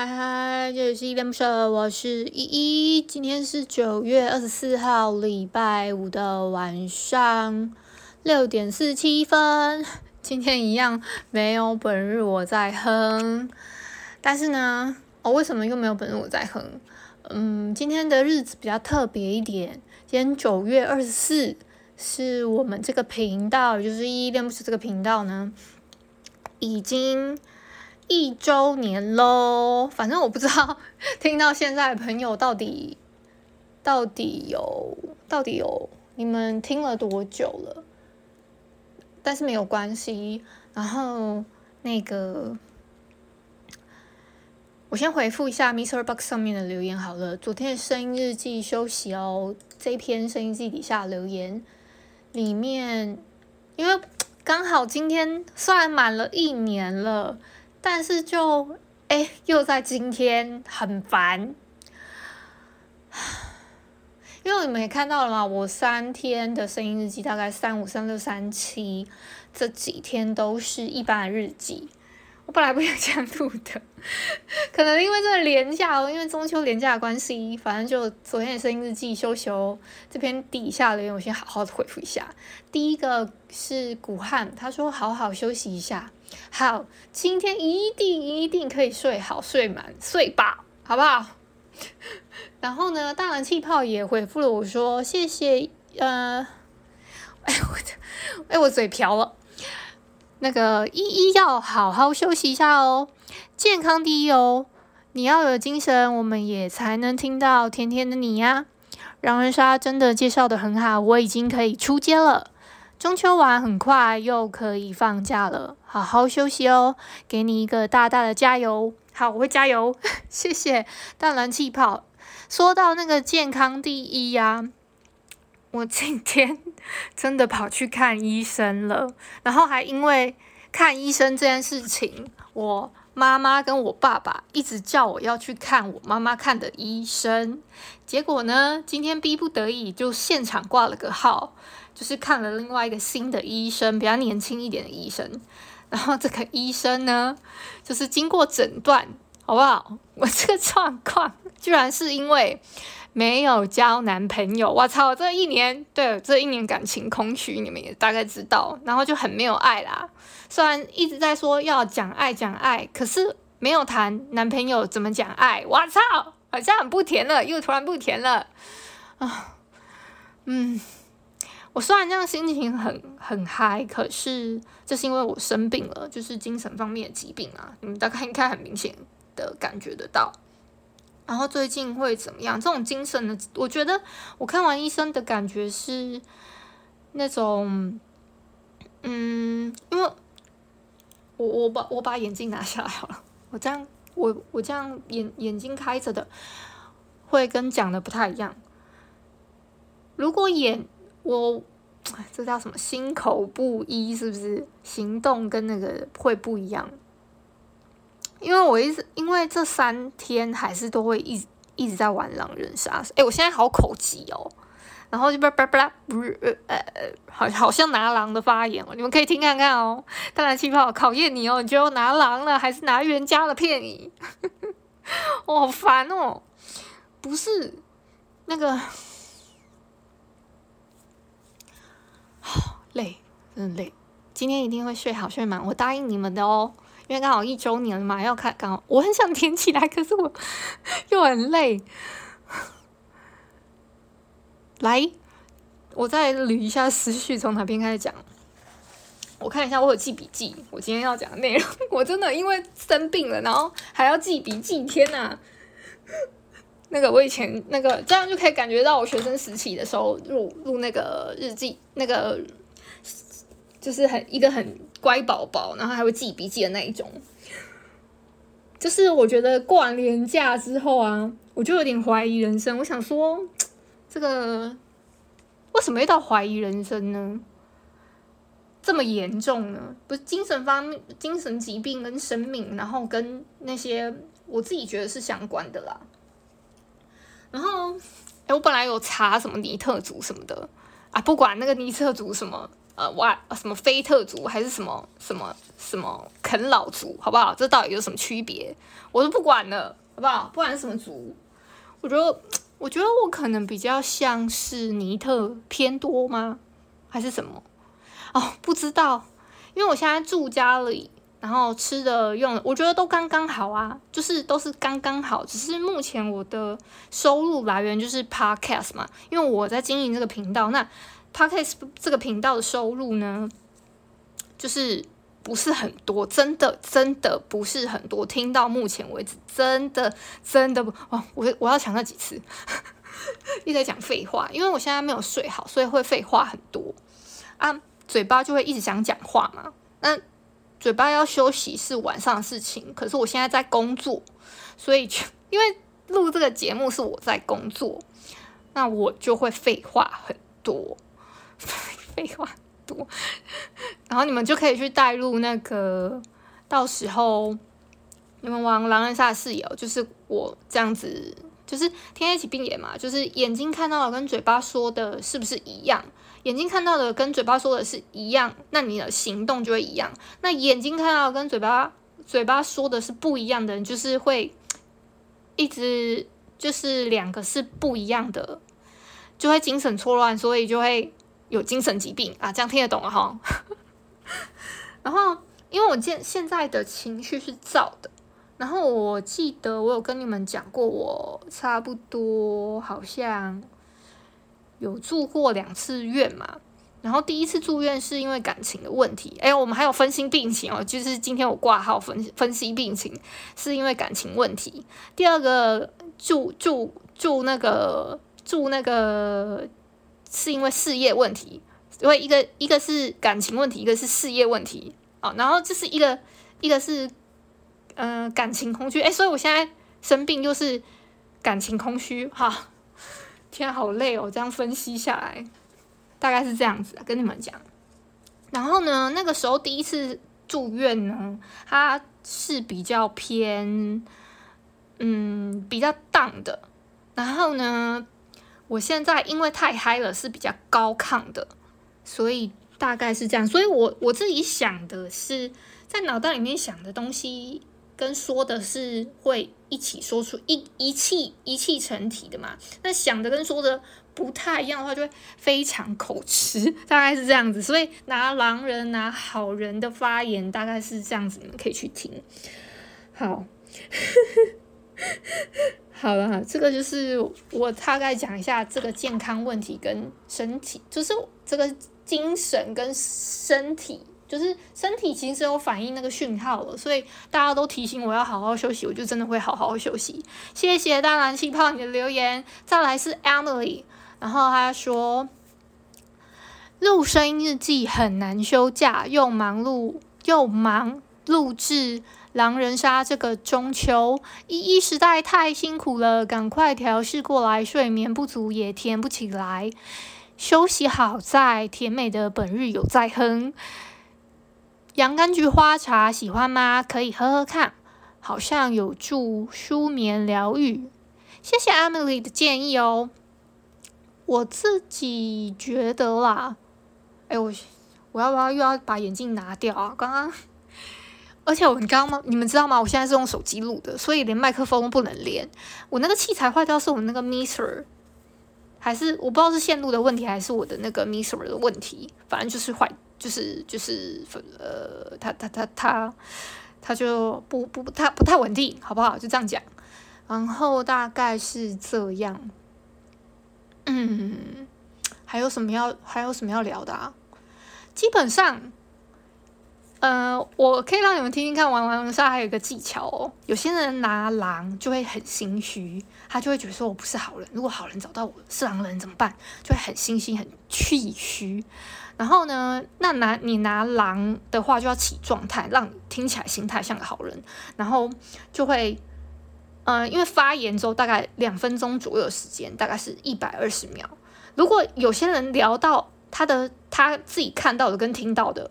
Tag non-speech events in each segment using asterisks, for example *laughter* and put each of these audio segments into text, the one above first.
嗨嗨，這裡是依依戀不捨，我是依依。今天是九月二十四號，禮拜五的晚上六點四十七分。今天一樣沒有本日我在哼，但是呢，我、哦、為什麼又沒有本日我在哼？嗯，今天的日子比較特別一點，今天九月二十四是我們這個頻道，就是依依戀不捨這個頻道呢，已經一週年嘍！反正我不知道，聽到現在的朋友到底到底有到底有你們聽了多久了？但是沒有關係。然後那個，我先回復一下 MixerBox 上面的留言好了。昨天的聲音日記休息哦。這一篇聲音日記底下留言裡面，因為剛好今天算滿了一年了。但是就哎，又在今天很煩，因為你們也看到了嘛，我三天的聲音日記，大概三五、三六、三七這幾天都是一般的日記。本來不想這樣錄的，可能因為這個連假哦、喔，因為中秋連假的關係，反正就昨天的聲音日記休休、喔、這篇底下留言，我先好好的回復一下。第一個是古漢，他說好好休息一下，好，今天一定一定可以睡好、睡滿、睡飽，好不好？然後呢，大冷氣泡也回復了我說謝謝，呃，哎我，哎我嘴瓢了。那個依依要好好休息一下哦，健康第一哦，你要有精神，我們也才能聽到甜甜的你呀。狼人殺真的介紹的很好，我已經可以出街了。中秋完很快又可以放假了，好好休息哦，給你一個大大的加油。好，我會加油，謝謝淡藍氣泡。說到那個健康第一呀、啊。我今天真的跑去看醫生了，然後還因為看醫生這件事情，我媽媽跟我爸爸一直叫我要去看我媽媽看的醫生。結果呢，今天逼不得已就現場掛了個號，就是看了另外一個新的醫生，比較年輕一點的醫生。然後這個醫生呢，就是經過診斷，好不好？我這個狀況居然是因為。沒有交男朋友，我操！這一年，對，這一年感情空虛，你們也大概知道。然後就很沒有愛啦。雖然一直在說要講愛講愛，可是沒有談男朋友怎麼講愛？我操！好像很不甜了，又突然不甜了啊、哦。嗯，我雖然這樣心情很很嗨，可是這是因為我生病了，就是精神方面的疾病啊。你們大概應該很明顯的感覺得到。然後最近會怎麼樣？這種精神的，我覺得我看完醫生的感覺是那種，嗯，因為我我,我把我把眼鏡拿下來好了，我這樣我我這樣眼眼睛開着的，會跟講的不太一樣。如果眼我，這叫什麼？心口不一是不是？行動跟那個會不一樣。因為我一直，因為這三天還是都會一直一直在玩狼人殺，哎，我現在好口急哦，然後就巴拉巴拉不呃呃，好好像拿狼的發言哦，你們可以聽看看哦。當然氣泡考驗你哦，你覺得我拿狼了，還是拿預言家了騙你？我好煩哦，不是那個好累，哦，累，真的累，今天一定會睡好睡滿，我答應你們的哦。因為剛好一週年嘛，要開剛好，我很想填起來，可是我又很累。來，我再捋一下思緒，從哪邊開始講？我看一下，我有記筆記。我今天要講的內容，我真的因為生病了，然後還要記筆記，天吶啊，那個我以前那個，這樣就可以感覺到我學生時期的時候，錄入，入那個日記那個。就是很一個很乖寶寶，然後還會記筆記的那一種。 *laughs* 就是我覺得過完年假之後啊，我就有點懷疑人生。我想說，這個為什麼要到懷疑人生呢？這麼嚴重呢？不是精神方面、精神疾病跟生命，然後跟那些我自己覺得是相關的啦。然後，誒、欸，我本來有查什麼尼特族什麼的啊，不管那個尼特族什麼。呃，什麼菲特族還是什麼什麼什麼啃老族，好不好？這到底有什麼區別？我都不管了，好不好？不管是什麼族，我覺得，我覺得我可能比較像是尼特偏多嗎？還是什麼？哦，不知道，因為我現在住家裡。然後吃的用的，我覺得都剛剛好啊，就是都是剛剛好。只是目前我的收入來源就是 Podcast 嘛，因為我在經營這個頻道。那 Podcast 這個頻道的收入呢，就是不是很多，真的真的不是很多。聽到目前為止，真的真的不哦，我我要強調幾次，一 *laughs* 直講廢話，因為我現在沒有睡好，所以會廢話很多啊，嘴巴就會一直想講話嘛，嗯。嘴巴要休息是晚上的事情，可是我現在在工作，所以就因為錄這個節目是我在工作，那我就會廢話很多，廢 *laughs* 話很多， *laughs* 然後你們就可以去帶入那個，到時候你們玩狼人殺的室友，就是我這樣子。就是天天起病眼嘛，就是眼睛看到的跟嘴巴說的是不是一樣？眼睛看到的跟嘴巴說的是一樣，那你的行動就會一樣。那眼睛看到跟嘴巴嘴巴說的是不一樣的人，就是會一直就是兩個是不一樣的，就會精神錯亂，所以就會有精神疾病啊。這樣聽得懂了哈。 *laughs* 然後，因為我現現在的情緒是燥的。然後我記得我有跟你們講過，我差不多好像有住過兩次院嘛。然後第一次住院是因為感情的問題，哎，我們還有分析病情哦，就是今天我掛號分分析病情是因為感情問題。第二個住住住那個住那個是因為事業問題，因為一個一個是感情問題，一個是事業問題哦。然後就是一個一個是。嗯、呃，感情空虛，哎，所以我現在生病就是感情空虛，哈、啊，天、啊、好累哦，這樣分析下來，大概是這樣子，跟你們講。然後呢，那個時候第一次住院呢，他是比較偏，嗯，比較 down 的。然後呢，我現在因為太嗨了，是比較高亢的，所以大概是這樣。所以我我自己想的是，在腦袋裡面想的東西。跟說的是會一起說出一一氣一氣成體的嘛？那想的跟說的不太一樣的話，就會非常口吃，大概是這樣子。所以拿狼人拿好人的發言大概是這樣子，你們可以去聽。好， *laughs* 好了，這個就是我大概講一下這個健康問題跟身體，就是這個精神跟身體。就是身體其實有反應那個訊號了，所以大家都提醒我要好好休息，我就真的會好好休息。謝謝大藍氣泡你的留言。再來是 Emily，然後他說錄聲音日記很難，休假又忙碌又忙錄製狼人殺，這個中秋依依實在太辛苦了，趕快調試過來。睡眠不足也填不起來，休息好再甜美的本日有在哼。洋甘菊花茶喜歡嗎？可以喝喝看，好像有助舒眠療癒。謝謝 Emily 的建議哦。我自己覺得啦，哎，我我要不要又要把眼鏡拿掉啊？剛剛，而且我剛剛嗎？你們知道嗎？我現在是用手機錄的，所以連麥克風都不能連。我那個器材壞掉，是我那個 Mixer 還是我不知道是線路的問題，還是我的那個 Mixer 的問題？反正就是壞。就是就是呃，他他他他他就不不不太不太穩定，好不好？就這樣講，然後大概是這樣。嗯，還有什麼要還有什麼要聊的啊？基本上。呃，我可以讓你們聽聽看，玩狼人殺還有一個技巧哦。有些人拿狼就會很心虛，他就會覺得說我不是好人。如果好人找到我是狼人怎麼辦？就會很心虛，很氣虛。然後呢，那拿你拿狼的話，就要起狀態，讓你聽起來心態像個好人。然後就會，嗯、呃，因為發言之後大概兩分鐘左右的時間，大概是一百二十秒。如果有些人聊到他的他自己看到的跟聽到的。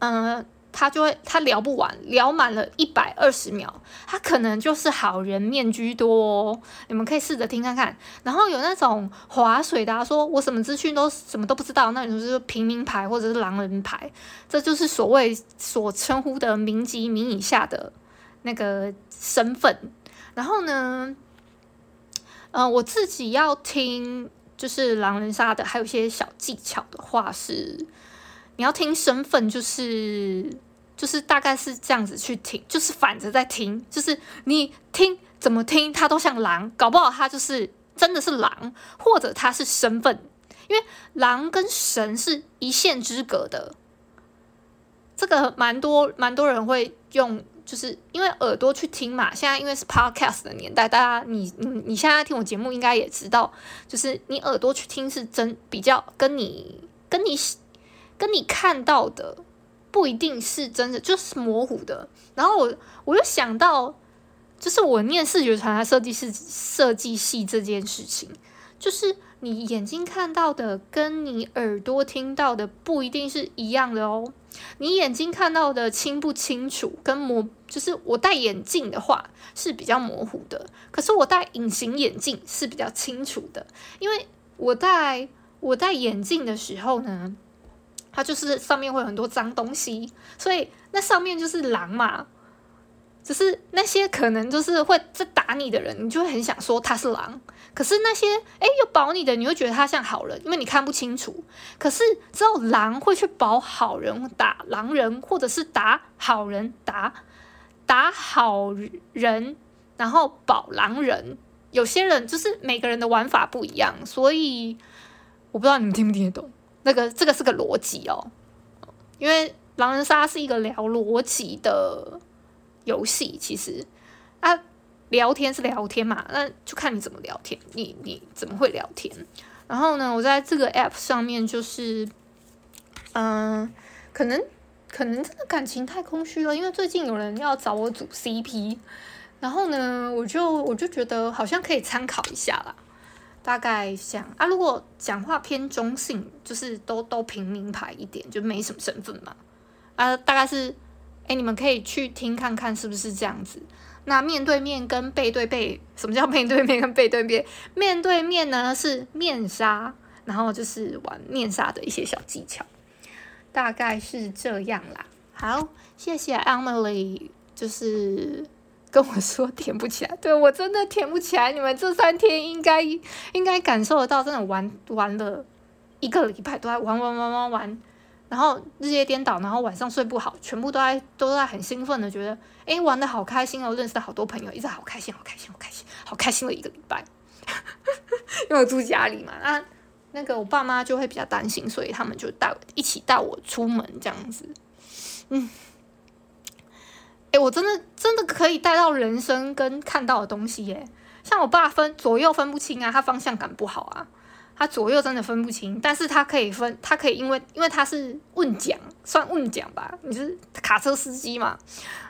嗯，他就會他聊不完，聊滿了一百二十秒，他可能就是好人面居多哦。你們可以試着聽看看。然後有那種划水的啊，說我什麼資訊都什麼都不知道，那你就是平民牌或者是狼人牌，這就是所謂所稱呼的民及民以下的那個身份。然後呢，嗯，我自己要聽就是狼人殺的，還有一些小技巧的話是，你要聽身份，就是就是大概是這樣子去聽，就是反着在聽，就是你聽怎麼聽，它都像狼，搞不好它就是真的是狼，或者它是身份，因為狼跟神是一線之隔的。這個蠻多蠻多人會用，就是因為耳朵去聽嘛。現在因為是 podcast 的年代，大家你你你現在聽我節目應該也知道，就是你耳朵去聽是真比較跟你跟你。跟你看到的不一定是真的，就是模糊的。然後我我又想到，就是我念視覺傳達設計師設計系這件事情，就是你眼睛看到的跟你耳朵聽到的不一定是一樣的哦。你眼睛看到的清不清楚，跟模就是我戴眼鏡的話是比較模糊的，可是我戴隱形眼鏡是比較清楚的，因為我戴我戴眼鏡的時候呢。它就是上面會有很多髒東西，所以那上面就是狼嘛。只、就是那些可能就是會在打你的人，你就會很想說他是狼。可是那些哎，又保你的，你會覺得他像好人，因為你看不清楚。可是只有狼會去保好人，打狼人或者是打好人，打打好人，然後保狼人。有些人就是每個人的玩法不一樣，所以我不知道你們聽不聽得懂。那個這個是個邏輯哦，因為狼人殺是一個聊邏輯的遊戲，其實啊，聊天是聊天嘛，那就看你怎麼聊天，你你怎麼會聊天？然後呢，我在這個 app 上面就是，嗯、呃，可能可能這個感情太空虛了，因為最近有人要找我組 CP，然後呢，我就我就覺得好像可以參考一下啦。大概想啊，如果講話偏中性，就是都都平民牌一點，就沒什麼身份嘛。啊，大概是，誒，你們可以去聽看看是不是這樣子。那面對面跟背對背，什麼叫面對面跟背對面？面對面呢是面殺，然後就是玩面殺的一些小技巧，大概是這樣啦。好，謝謝 Emily，就是。跟我說填不起來，對我真的填不起來。你們這三天應該應該感受得到，真的玩，玩了一個禮拜，都在玩玩玩玩玩，然後日夜顛倒，然後晚上睡不好，全部都在都在很興奮的覺得，哎、欸，玩的好開心哦，認識了好多朋友，一直好開心，好開心，好開心，好開心的一個禮拜。 *laughs* 因為我住家裡嘛，啊，那個我爸媽就會比較擔心，所以他們就帶我一起帶我出門這樣子，嗯。哎、欸，我真的真的可以帶到人生跟看到的東西耶、欸。像我爸分左右分不清啊，他方向感不好啊，他左右真的分不清。但是他可以分，他可以因為因為他是問講，算問講吧，你是卡車司機嘛。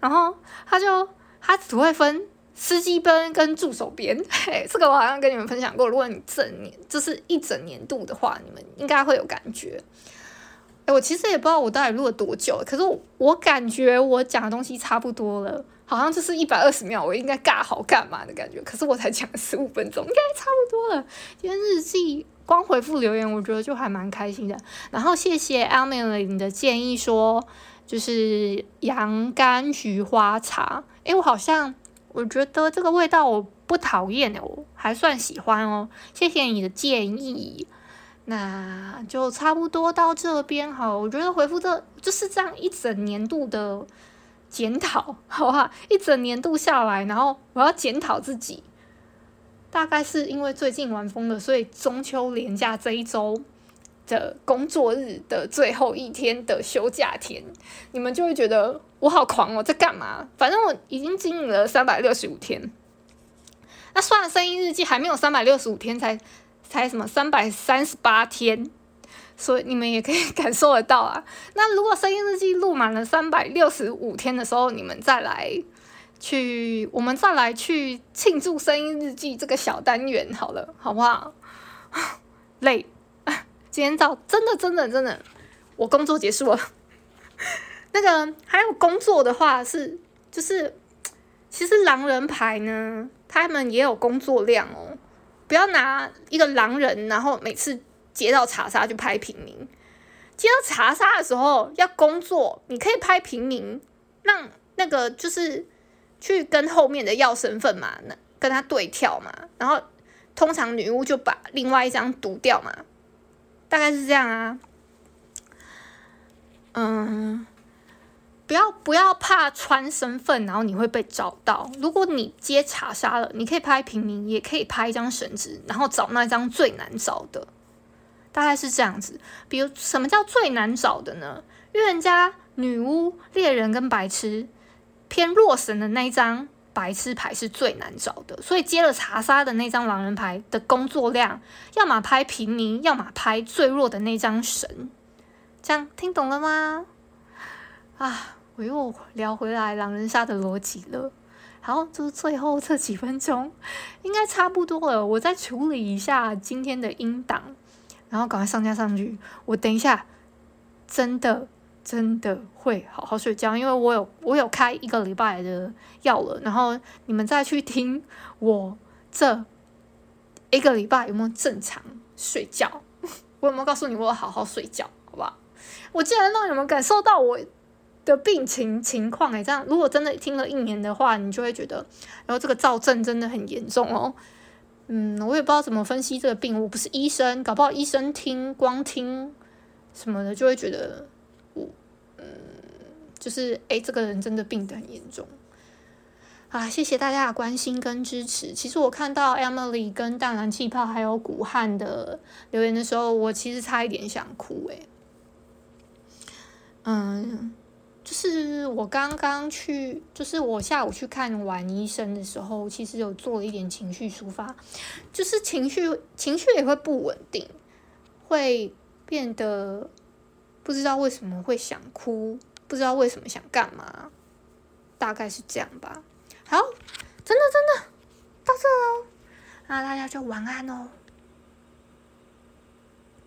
然後他就他只會分司機邊跟助手邊。誒、欸，這個我好像跟你們分享過，如果你整年就是一整年度的話，你們應該會有感覺。誒，我其實也不知道我到底錄了多久，可是我，我感覺我講的東西差不多了，好像就是一百二十秒，我應該尬好幹嘛的感覺。可是我才講十五分鐘，應該差不多了。今天日記光回復留言，我覺得就還蠻開心的。然後謝謝 Emily 你的建議說，說就是洋甘菊花茶。誒，我好像我覺得這個味道我不討厭哦，我還算喜歡哦。謝謝你的建議。那就差不多到這邊好，我覺得回復的就是這樣一整年度的檢討，好不好？一整年度下來，然後我要檢討自己。大概是因為最近玩瘋了，所以中秋連假這一週的工作日的最後一天的休假天，你們就會覺得我好狂哦，我在幹嘛？反正我已經經營了三百六十五天，那算了，聲音日記還沒有三百六十五天才。還有什麼三百三十八天，所以你們也可以感受得到啊。那如果聲音日記錄滿了三百六十五天的時候，你們再來去，我們再來去慶祝聲音日記這個小單元好了，好不好？累，今天早真的真的真的，我工作結束了。 *laughs* 那個還有工作的話是就是，其實狼人牌呢，他們也有工作量哦。不要拿一個狼人，然後每次接到查殺就拍平民。接到查殺的時候要工作，你可以拍平民，讓那個就是去跟後面的要身份嘛，那跟他對跳嘛。然後通常女巫就把另外一張毒掉嘛，大概是這樣啊。嗯。不要不要怕穿身份，然後你會被找到。如果你接查殺了，你可以拍平民，也可以拍一張神職，然後找那一張最難找的。大概是這樣子。比如，什麼叫最難找的呢？預言家、女巫、獵人跟白痴偏弱神的那一張白痴牌是最難找的，所以接了查殺的那張狼人牌的工作量，要麼拍平民，要麼拍最弱的那張神。這樣聽懂了嗎？啊。我又聊回來狼人殺的邏輯了。好，就是最後這幾分鐘，應該差不多了。我再處理一下今天的音檔，然後趕快上架上去。我等一下，真的真的會好好睡覺，因為我有我有開一個禮拜的藥了。然後你們再去聽我這一個禮拜有沒有正常睡覺？我有沒有告訴你我好好睡覺？好不好？我竟然讓你們感受到我。的病情情況誒，這樣如果真的聽了一年的話，你就會覺得，然後，哎這個躁症真的很嚴重哦。嗯，我也不知道怎麼分析這個病，我不是醫生，搞不好醫生聽光聽什麼的就會覺得我，嗯，就是誒、哎，這個人真的病得很嚴重啊！謝謝大家的關心跟支持。其實我看到 Emily 跟淡藍氣泡還有古漢的留言的時候，我其實差一點想哭誒。嗯。就是我剛剛去，就是我下午去看完醫生的時候，其實有做了一點情緒抒發，就是情緒情緒也會不穩定，會變得不知道為什麼會想哭，不知道為什麼想幹嘛，大概是這樣吧。好，真的真的到這嘍、哦，那大家就晚安嘍、哦。